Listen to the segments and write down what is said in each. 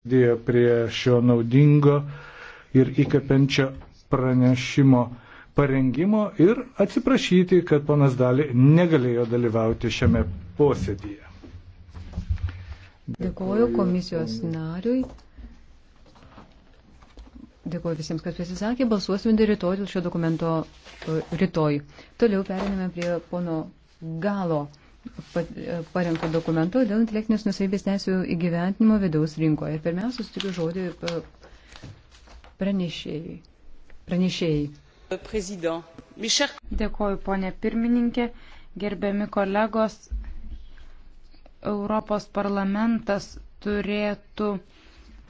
prisidėjo prie šio naudingo ir įkapenčio pranešimo parengimo ir atsiprašyti, kad ponas Dali negalėjo dalyvauti šiame posėdėje. Dėkuoju, Dėkuoju komisijos nariui. Dėkuoju visiems, kas pasisakė. Balsuosime rytoj dėl šio dokumento e, rytoj. Toliau periname prie pono Galo parengto dokumento dėl intelektinės nusavybės teisų įgyventinimo vidaus rinkoje. Ir pirmiausia, suteikiu žodį pranešėjai. pranešėjai. Dėkoju, ponė pirmininkė. Gerbiami kolegos, Europos parlamentas turėtų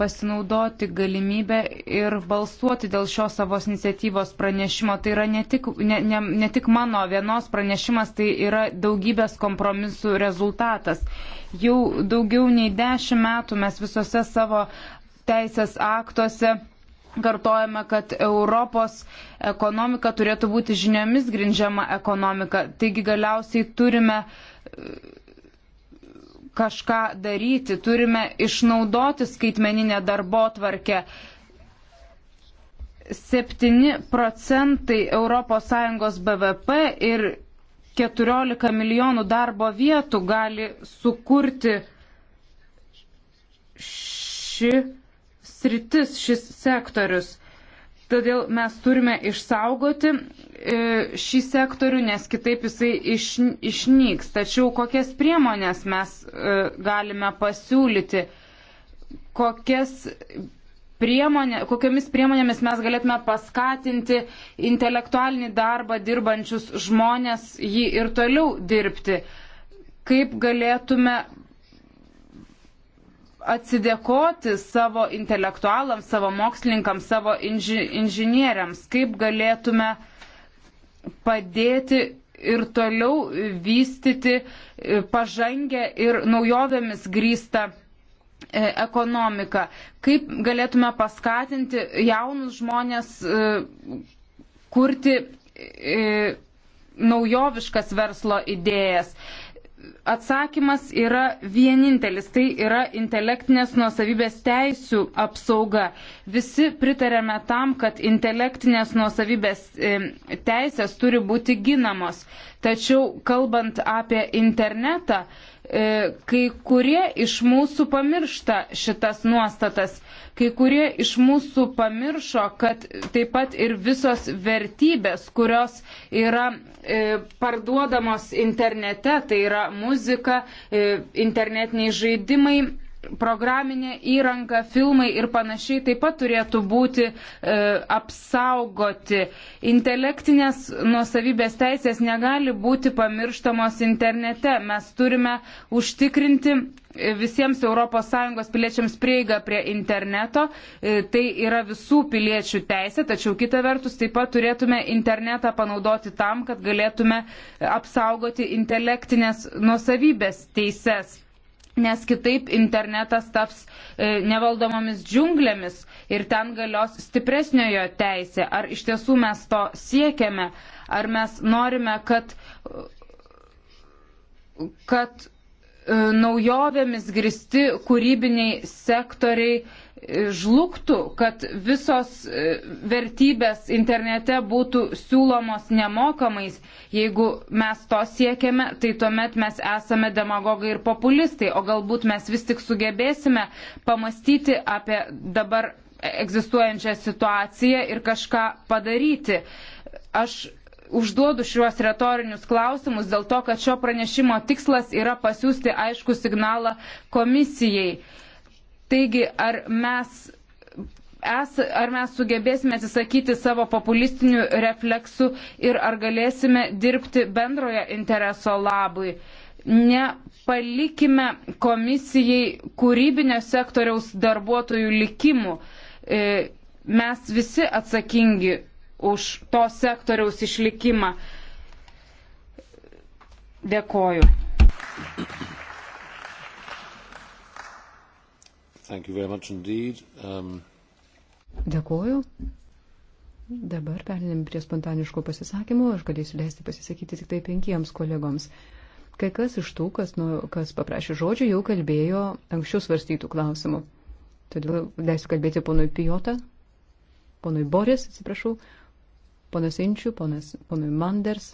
pasinaudoti galimybę ir balsuoti dėl šios savos iniciatyvos pranešimo. Tai yra ne tik, ne, ne, ne tik mano vienos pranešimas, tai yra daugybės kompromisų rezultatas. Jau daugiau nei dešimt metų mes visose savo teisės aktuose kartojame, kad Europos ekonomika turėtų būti žiniomis grindžiama ekonomika. Taigi galiausiai turime kažką daryti, turime išnaudoti skaitmeninę darbo tvarkę. 7 procentai ES BVP ir 14 milijonų darbo vietų gali sukurti ši sritis, šis sektorius. Todėl mes turime išsaugoti e, šį sektorių, nes kitaip jisai iš, išnyks. Tačiau kokias priemonės mes e, galime pasiūlyti, kokias priemonė, kokiamis priemonėmis mes galėtume paskatinti intelektualinį darbą dirbančius žmonės jį ir toliau dirbti. Kaip galėtume atsidėkoti savo intelektualams, savo mokslininkams, savo inži inžinieriams, kaip galėtume padėti ir toliau vystyti e, pažangę ir naujovėmis grįstą e, ekonomiką. Kaip galėtume paskatinti jaunus žmonės e, kurti naujoviškas verslo idėjas atsakymas yra vienintelis - tai yra intelektinės nuosavybės teisų apsauga. Visi pritarėme tam, kad intelektinės nuosavybės e, teisės turi būti ginamos. Tačiau, kalbant apie internetą, e, kai kurie iš mūsų pamiršta šitas nuostatas Kai kurie iš mūsų pamiršo, kad taip pat ir visos vertybės, kurios yra e, parduodamos internete, tai yra muzika, e, internetiniai žaidimai, programinė įranga, filmai ir panašiai taip pat turėtų būti e, apsaugoti. Intelektinės nuosavybės teisės negali būti pamirštamos internete. Mes turime užtikrinti visiems ES piliečiams prieiga prie interneto. E, tai yra visų piliečių teisė, tačiau kita vertus taip pat turėtume internetą panaudoti tam, kad galėtume apsaugoti intelektinės nuosavybės teises nes kitaip internetas taps e, nevaldomomis džiunglėmis ir ten galios stipresniojo teisė. Ar iš tiesų mes to siekiame, ar mes norime, kad, kad E, naujovėmis gristi kūrybiniai sektoriai e, žlugtų, kad visos e, vertybės internete būtų siūlomos nemokamais. Jeigu mes to siekiame, tai tuomet mes esame demagogai ir populistai, o galbūt mes vis tik sugebėsime pamastyti apie dabar egzistuojančią situaciją ir kažką padaryti. Aš užduodu šiuos retorinius klausimus dėl to, kad šio pranešimo tikslas yra pasiūsti aišku signalą komisijai. Taigi, ar mes es, ar mes sugebėsime atsisakyti savo populistinių refleksų ir ar galėsime dirbti bendrojo intereso labui. Nepalikime komisijai kūrybinio sektoriaus darbuotojų likimų. E, mes visi atsakingi už to sektoriaus išlikimą. Dėkoju. Um... Dėkoju. Dabar perinim prie spontaniškų pasisakymų. Aš galėsiu leisti pasisakyti tik tai penkiems kolegoms. Kai kas iš tų, kas, nu, kas paprašė žodžio, jau kalbėjo anksčiau svarstytų klausimų. Todėl leisiu kalbėti ponui Pijota, ponui Boris, atsiprašau, ponas Inčių, ponas, ponui Manders,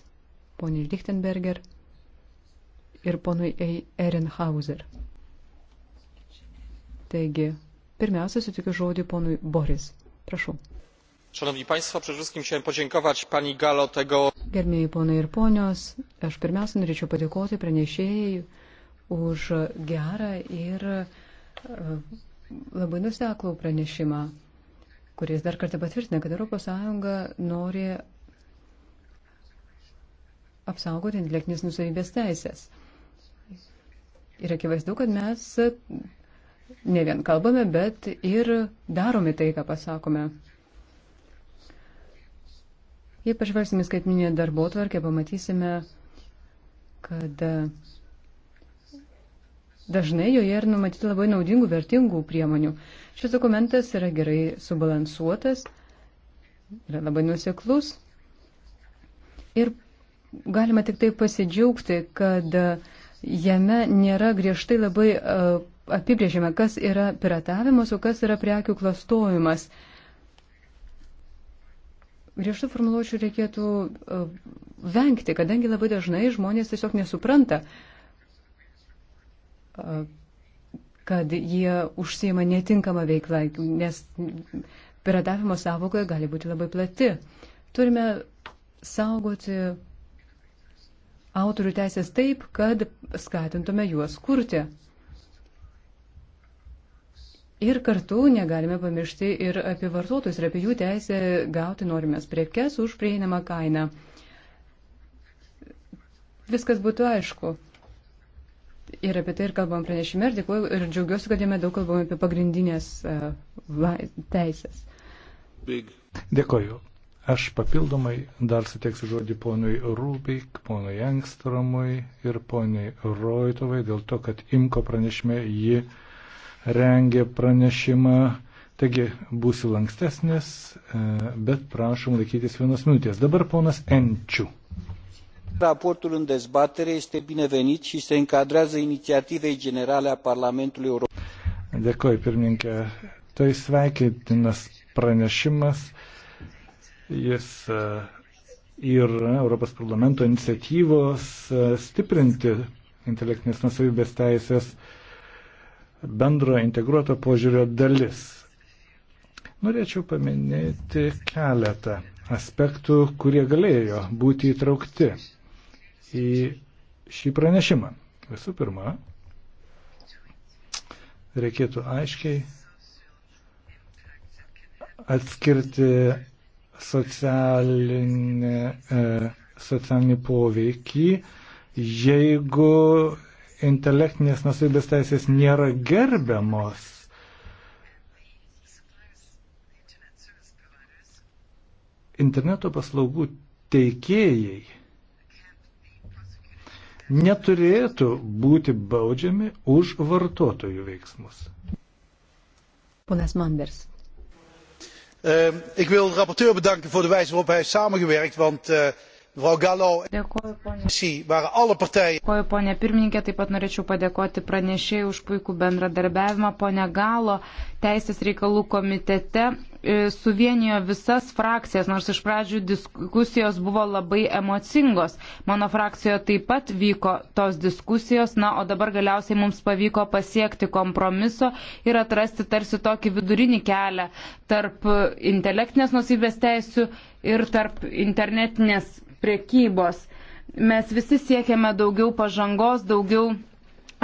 poniai Lichtenberger ir ponui Ehrenhauser. Taigi, pirmiausia, sutikiu žodį ponui Boris. Prašau. Szanowni Państwo, przede wszystkim chciałem podziękować Pani Galo tego. Gerbėjai ponai ir ponios, aš pirmiausia norėčiau padėkoti pranešėjai už gerą ir e, labai nuseklų pranešimą kuris dar kartą patvirtina, kad ES nori apsaugoti intelektinės nusavybės teisės. Ir akivaizdu, kad mes ne vien kalbame, bet ir darome tai, ką pasakome. Jei pažvelgsime skaitminę darbo tvarkę, pamatysime, kad Dažnai joje yra numatyti labai naudingų, vertingų priemonių. Šis dokumentas yra gerai subalansuotas, yra labai nuseklus ir galima tik tai pasidžiaugti, kad e, jame nėra griežtai labai e, apibrėžima, kas yra piratavimas, o kas yra prekių klastojimas. Griežtų formuluočių reikėtų e, vengti, kadangi labai dažnai žmonės tiesiog nesupranta, uh, kad jie užsima netinkamą veiklą, nes piratavimo savokoje gali būti labai plati. Turime saugoti autorių teisės taip, kad skatintume juos kurti. Ir kartu negalime pamiršti ir apie vartotojus, ir apie jų teisę gauti norimės prekes už prieinamą kainą. Viskas būtų aišku. Ir apie tai ir kalbam pranešime, ir, dėkuoju, ir džiaugiuosi, kad jame daug kalbam apie pagrindinės uh, e, la, teisės. Big. Dėkoju. Aš papildomai dar suteiksiu žodį ponui Rūbik, ponui Engstromui ir poniai Roitovai dėl to, kad Imko pranešime ji rengė pranešimą. Taigi būsiu lankstesnis, e, bet prašom laikytis vienos minutės. Dabar ponas Enčių raportul în dezbatere este binevenit și se încadrează inițiativei generale a parlamentului european. Dėkoju, pirmininkė. Tai sveikintinas pranešimas. Jis yra e, Europos parlamento iniciatyvos e, stiprinti intelektinės nusavybės teisės bendro integruoto požiūrio dalis. Norėčiau paminėti keletą aspektų, kurie galėjo būti įtraukti į šį pranešimą. Visų pirma, reikėtų aiškiai atskirti socialinį, e, socialinį poveikį, jeigu intelektinės nusavybės teisės nėra gerbiamos. Interneto paslaugų teikėjai neturėtų būti baudžiami už vartotojų veiksmus. Ponas Manders. Uh, ik wil de rapporteur bedanken voor de wijze waarop hij heeft samengewerkt, want uh, Dėkuoju, ponė pirmininkė, taip pat norėčiau padėkoti pranešėjai už puikų bendradarbiavimą. Pone Galo, Teisės reikalų komitete e, suvienijo visas frakcijas, nors iš pradžių diskusijos buvo labai emocingos. Mano frakcijoje taip pat vyko tos diskusijos, na, o dabar galiausiai mums pavyko pasiekti kompromiso ir atrasti tarsi tokį vidurinį kelią tarp intelektinės nusibės teisių ir tarp internetinės priekybos. Mes visi siekiame daugiau pažangos, daugiau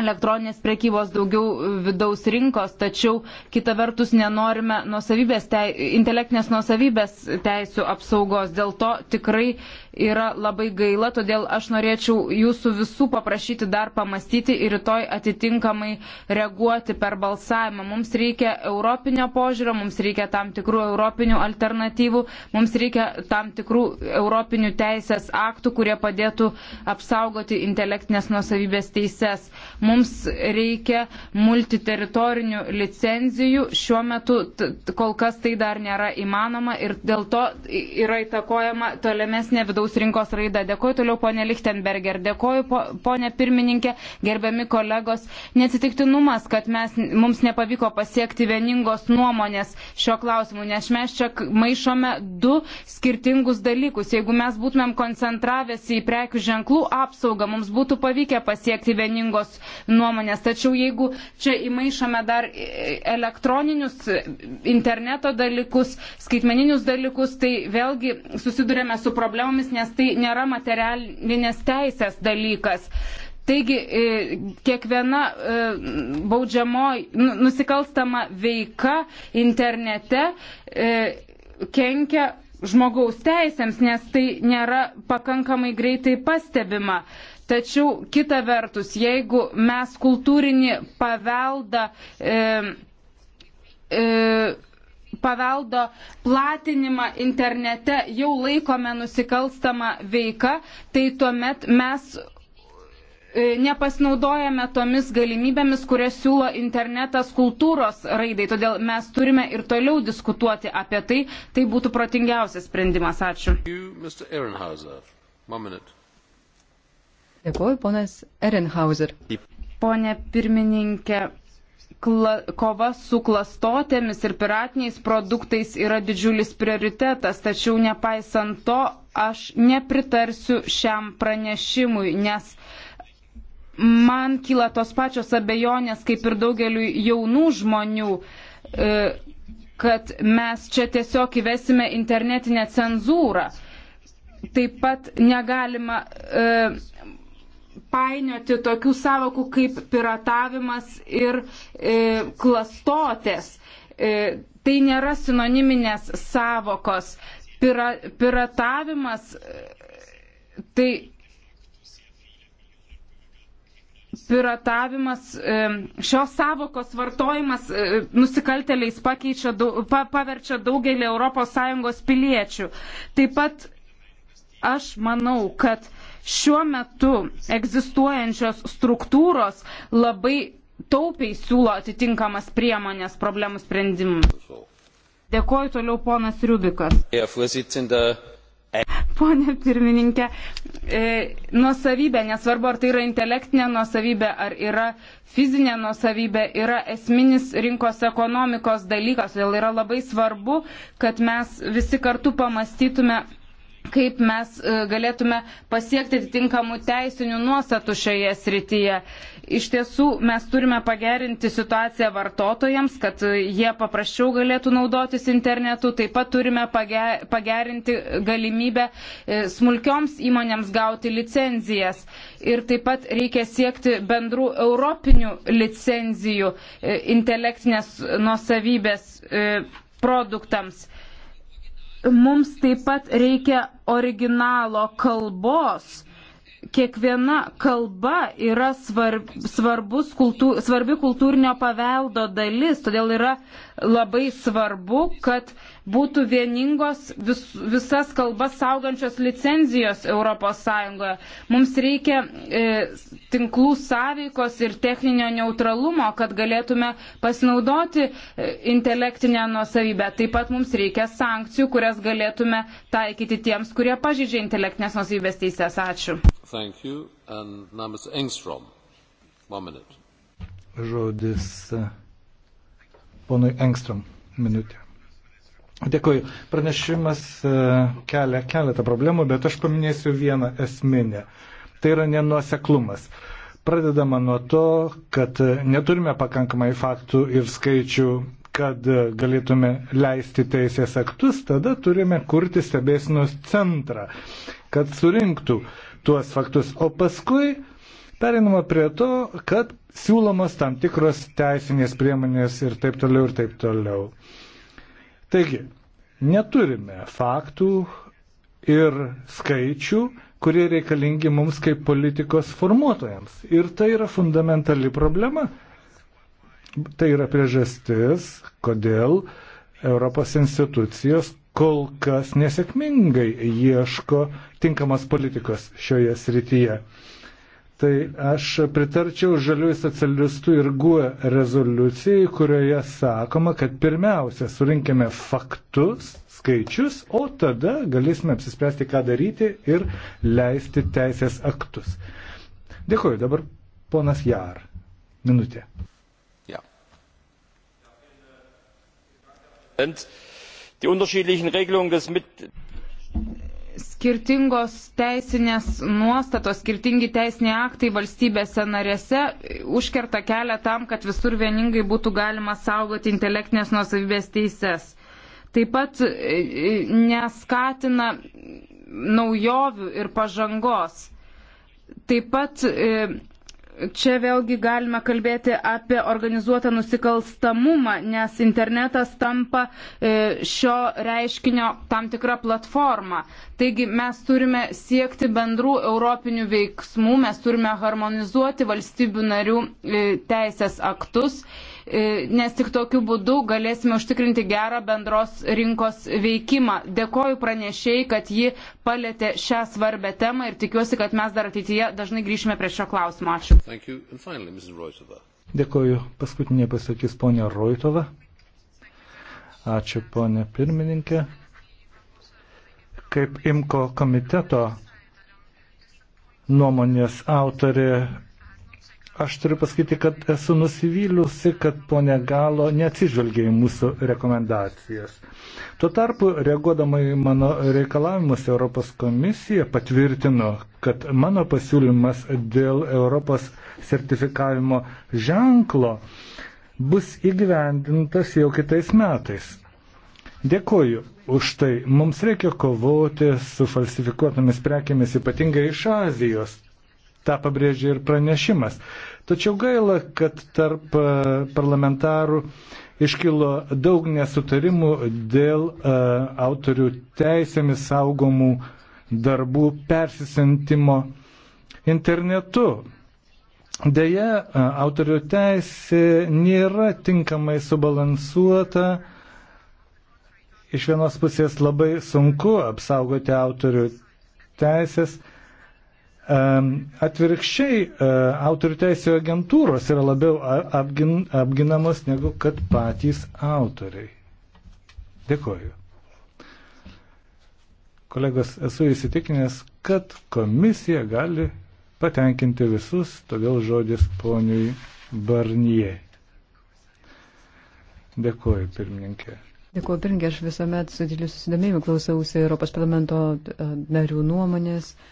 elektroninės prekybos, daugiau vidaus rinkos, tačiau kita vertus nenorime nusavybės, tei, intelektinės nusavybės teisų apsaugos. Dėl to tikrai yra labai gaila, todėl aš norėčiau jūsų visų paprašyti dar pamastyti ir rytoj atitinkamai reaguoti per balsavimą. Mums reikia europinio požiūrio, mums reikia tam tikrų europinių alternatyvų, mums reikia tam tikrų europinių teisės aktų, kurie padėtų apsaugoti intelektinės nusavybės teises. Mums mums reikia multiteritorinių licenzijų. Šiuo metu kol kas tai dar nėra įmanoma ir dėl to yra įtakojama tolimesnė vidaus rinkos raida. Dėkuoju toliau ponė Lichtenberger, dėkuoju ponė pirmininkė, gerbiami kolegos. Nesitiktinumas, kad mes, mums nepavyko pasiekti vieningos nuomonės šio klausimu, nes mes čia maišome du skirtingus dalykus. Jeigu mes būtumėm koncentravęsi į prekių ženklų apsaugą, mums būtų pavykę pasiekti vieningos nuomonės. Tačiau jeigu čia įmaišome dar elektroninius interneto dalykus, skaitmeninius dalykus, tai vėlgi susidurėme su problemomis, nes tai nėra materialinės teisės dalykas. Taigi e, kiekviena e, baudžiamo nu, nusikalstama veika internete e, kenkia žmogaus teisėms, nes tai nėra pakankamai greitai pastebima. Tačiau kita vertus, jeigu mes kultūrinį paveldą e, e, paveldo platinimą internete jau laikome nusikalstama veika, tai tuomet mes e, nepasinaudojame tomis galimybėmis, kurias siūlo internetas kultūros raidai. Todėl mes turime ir toliau diskutuoti apie tai. Tai būtų protingiausias sprendimas. Ačiū. You, Dėkuoju, ponas Erenhauser. Pone pirmininkė, kla, kova su klastotėmis ir piratiniais produktais yra didžiulis prioritetas, tačiau nepaisant to, aš nepritarsiu šiam pranešimui, nes man kyla tos pačios abejonės, kaip ir daugeliu jaunų žmonių. E, kad mes čia tiesiog įvesime internetinę cenzūrą. Taip pat negalima e, painioti tokių savokų kaip piratavimas ir e, klastotės. E, tai nėra sinoniminės savokos. Pira, piratavimas, e, tai piratavimas, e, šios savokos vartojimas e, nusikalteliais pakeičia, pa, paverčia daugelį ES piliečių. Taip pat aš manau, kad Šiuo metu egzistuojančios struktūros labai taupiai siūlo atitinkamas priemonės problemų sprendimui. Dėkoju toliau ponas Rubikas. Pone pirmininkė, e, nuosavybė, nesvarbu ar tai yra intelektinė nuosavybė, ar yra fizinė nuosavybė, yra esminis rinkos ekonomikos dalykas, todėl yra labai svarbu, kad mes visi kartu pamastytume kaip mes e, galėtume pasiekti atitinkamų teisinių nuostatų šioje srityje. Iš tiesų, mes turime pagerinti situaciją vartotojams, kad e, jie paprasčiau galėtų naudotis internetu. Taip pat turime pagerinti galimybę e, smulkioms įmonėms gauti licenzijas. Ir taip pat reikia siekti bendrų europinių licenzijų intelektinės nuosavybės produktams mums taip pat reikia originalo kalbos kiekviena kalba yra svarb, svarbus, kultūr, svarbi kultūrinio paveldo dalis, todėl yra labai svarbu, kad būtų vieningos vis, visas kalbas saugančios licenzijos ES. Mums reikia e, tinklų sąveikos ir techninio neutralumo, kad galėtume pasinaudoti e, intelektinę nuosavybę. Taip pat mums reikia sankcijų, kurias galėtume taikyti tiems, kurie pažydžia intelektinės nuosavybės teises. Ačiū. Thank you. And now Mr. Engstrom. One minute. Žodis e, ponui Engstrom. Minutė. Dėkuoju. Pranešimas e, kelia keletą problemų, bet aš paminėsiu vieną esminę. Tai yra nenuoseklumas. Pradedama nuo to, kad e, neturime pakankamai faktų ir skaičių, kad galėtume leisti teisės aktus, tada turime kurti stebėsinos centrą, kad surinktų uh, tuos faktus, o paskui perinama prie to, kad siūlomas tam tikros teisinės priemonės ir taip toliau ir taip toliau. Taigi, neturime faktų ir skaičių, kurie reikalingi mums kaip politikos formuotojams. Ir tai yra fundamentali problema. Tai yra priežastis, kodėl Europos institucijos kol kas nesėkmingai ieško tinkamas politikos šioje srityje. Tai aš pritarčiau žaliųjų socialistų ir GUE rezoliucijai, kurioje sakoma, kad pirmiausia surinkime faktus, skaičius, o tada galėsime apsispręsti, ką daryti ir leisti teisės aktus. Dėkuoju, dabar ponas Jar. Minutė. Ja die unterschiedlichen Regelungen des mit Skirtingos teisinės nuostatos, skirtingi teisiniai aktai valstybėse narėse užkerta kelią tam, kad visur vieningai būtų galima saugoti intelektinės nuosavybės teises. Taip pat e, e, neskatina naujovių ir pažangos. Taip pat e, čia vėlgi galime kalbėti apie organizuotą nusikalstamumą, nes internetas tampa e, šio reiškinio tam tikrą platformą. Taigi mes turime siekti bendrų europinių veiksmų, mes turime harmonizuoti valstybių narių e, teisės aktus E, nes tik tokiu būdu galėsime užtikrinti gerą bendros rinkos veikimą. Dėkoju pranešėjai, kad ji palėtė šią svarbę temą ir tikiuosi, kad mes dar ateityje dažnai grįšime prie šio klausimo. Ačiū. Finally, Dėkoju. Paskutinė pasakys ponia Roitova. Ačiū ponia pirmininkė. Kaip IMKO komiteto nuomonės autorė Aš turiu pasakyti, kad esu nusivylusi, kad ponė Galo neatsižvelgia į mūsų rekomendacijas. Tuo tarpu, reaguodama į mano reikalavimus, Europos komisija patvirtino, kad mano pasiūlymas dėl Europos sertifikavimo ženklo bus įgyvendintas jau kitais metais. Dėkoju už tai. Mums reikia kovoti su falsifikuotomis prekėmis, ypatingai iš Azijos. Ta pabrėžia ir pranešimas. Tačiau gaila, kad tarp e, parlamentarų iškilo daug nesutarimų dėl uh, autorių teisėmis saugomų darbų persisintimo internetu. Deja, e, autorių teisė nėra tinkamai subalansuota. Iš vienos pusės labai sunku apsaugoti autorių teisės, Atvirkščiai e, autorių teisėjų agentūros yra labiau apgin, apginamos negu kad patys autoriai. Dėkoju. Kolegos, esu įsitikinęs, kad komisija gali patenkinti visus, todėl žodis poniui Barnie. Dėkoju, pirmininkė. Dėkuoju, pirmininkė, aš visuomet su dideliu susidomėjimu klausiausi Europos parlamento e, narių nuomonės. Uh,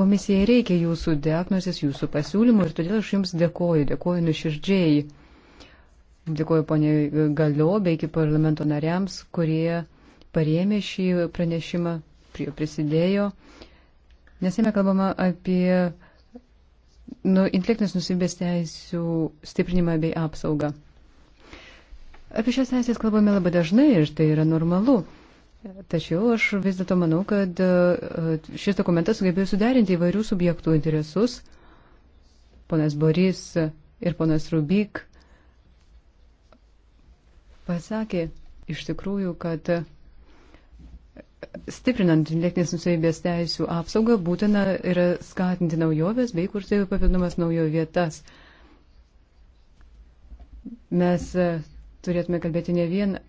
Komisijai reikia jūsų diagnozės, jūsų pasiūlymų ir todėl aš jums dėkoju, dėkoju nuširdžiai. Dėkoju ponė Galio bei iki parlamento nariams, kurie parėmė šį pranešimą, prie jo prisidėjo. Nesame kalbama apie nu, intelektinės nusibės teisų stiprinimą bei apsaugą. Apie šias teisės kalbame labai dažnai ir tai yra normalu. Tačiau aš vis dėlto manau, kad e, šis dokumentas sugebėjo suderinti įvairių subjektų interesus. Ponas Boris ir ponas Rubik pasakė iš tikrųjų, kad stiprinant intelektinės nusavybės teisų apsaugą būtina yra skatinti naujoves bei kurti papildomas naujo vietas. Mes e, turėtume kalbėti ne vien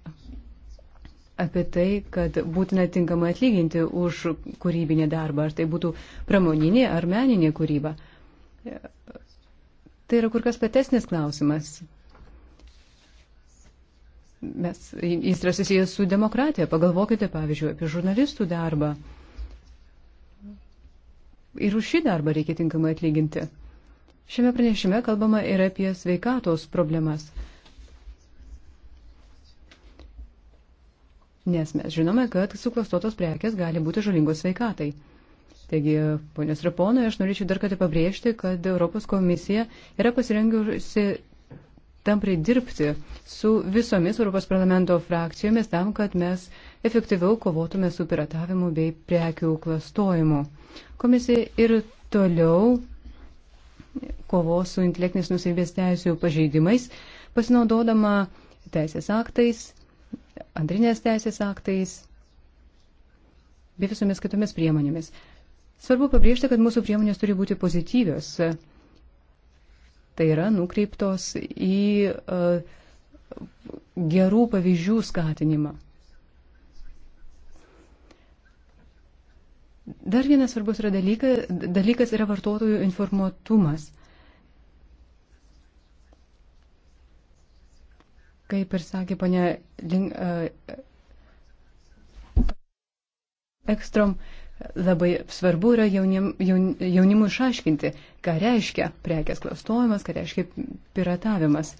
apie tai, kad būtina tinkamai atlyginti už kūrybinį darbą, ar tai būtų pramoninė ar meninė kūryba. Tai yra kur kas platesnis klausimas. Mes, jis yra susijęs su demokratija. Pagalvokite, pavyzdžiui, apie žurnalistų darbą. Ir už šį darbą reikia tinkamai atlyginti. Šiame pranešime kalbama ir apie sveikatos problemas. nes mes žinome, kad suklastotos prekes gali būti žalingos sveikatai. Taigi, ponios ir ponai, aš norėčiau dar kartą pabrėžti, kad Europos komisija yra pasirengusi tamprai dirbti su visomis Europos parlamento frakcijomis tam, kad mes efektyviau kovotume su piratavimu bei prekių klastojimu. Komisija ir toliau kovos su intelektinės nusivybės teisų pažeidimais, pasinaudodama teisės aktais antrinės teisės aktais bei visomis kitomis priemonėmis. Svarbu pabrėžti, kad mūsų priemonės turi būti pozityvios. Tai yra nukreiptos į uh, gerų pavyzdžių skatinimą. Dar vienas svarbus yra dalyka, dalykas yra vartotojų informuotumas. Uh, Kaip ir sakė ponia Link, uh, e, Ekstrom, labai svarbu yra jaunim, jaun, jaunimui išaiškinti, ką reiškia prekės klastojimas, ką reiškia piratavimas.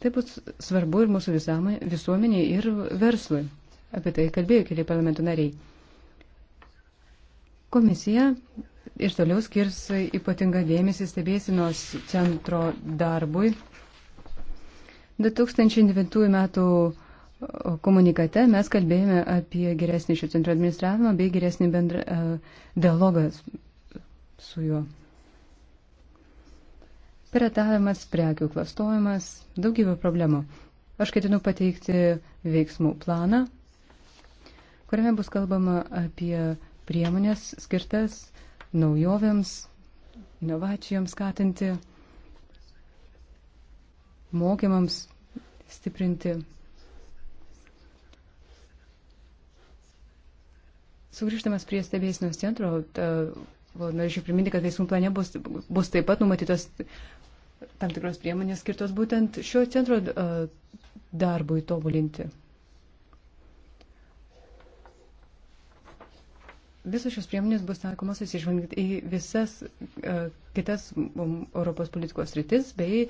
Tai bus svarbu ir mūsų visamai, visuomeniai, ir verslui. Apie tai kalbėjo keli parlamento nariai. Komisija ir toliau skirs ypatingą dėmesį stebėsinos centro darbui 2009 metų e, komunikate mes kalbėjome apie geresnį šio centro administravimą bei geresnį bendrą uh, e, dialogą su juo. Piratavimas, prekių klastojimas, daugybė problemų. Aš ketinu pateikti veiksmų planą, kuriame bus kalbama apie priemonės skirtas naujovėms, inovacijoms skatinti mokymams stiprinti. Sugrįžtamas prie stebėsinos centro, norėčiau priminti, kad teismų plane bus, bus taip pat numatytos tam tikros priemonės skirtos būtent šio centro darbui tobulinti. Visos šios priemonės bus taikomos atsižvelgiant į visas uh, kitas um, Europos politikos rytis bei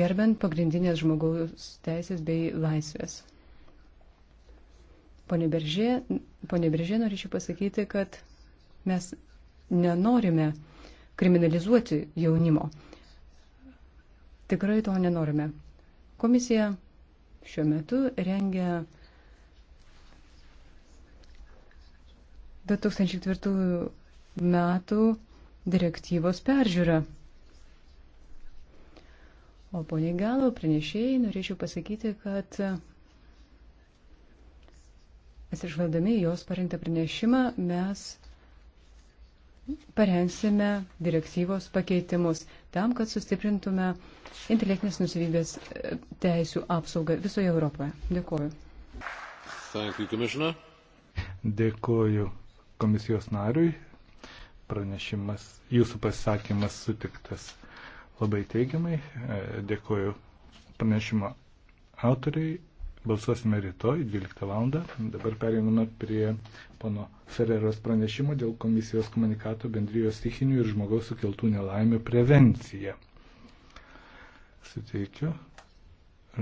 gerbent pagrindinės žmogaus teisės bei laisvės. Pone Beržė, pone Beržė norėčiau pasakyti, kad mes nenorime kriminalizuoti jaunimo. Tikrai to nenorime. Komisija šiuo metu rengia uh, 2004 metų direktyvos peržiūra. O poniai galo pranešėjai norėčiau pasakyti, kad atsižvelgdami jos parengtą pranešimą mes parengsime direktyvos pakeitimus tam, kad sustiprintume intelektinės nusivybės e, teisų apsaugą visoje Europoje. Dėkuoju. Thank you, Dėkuoju komisijos nariui. Pranešimas, jūsų pasisakymas sutiktas labai teigiamai. E, dėkoju pranešimo autoriai. Balsuosime rytoj 12 val. Dabar pereiname prie pono Ferreros pranešimo dėl komisijos komunikato bendrijos stichinių ir žmogaus sukeltų nelaimių prevencija. Suteikiu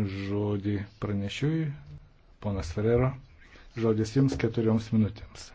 žodį pranešiui, ponas Ferrero. Žodis jums keturioms minutėms.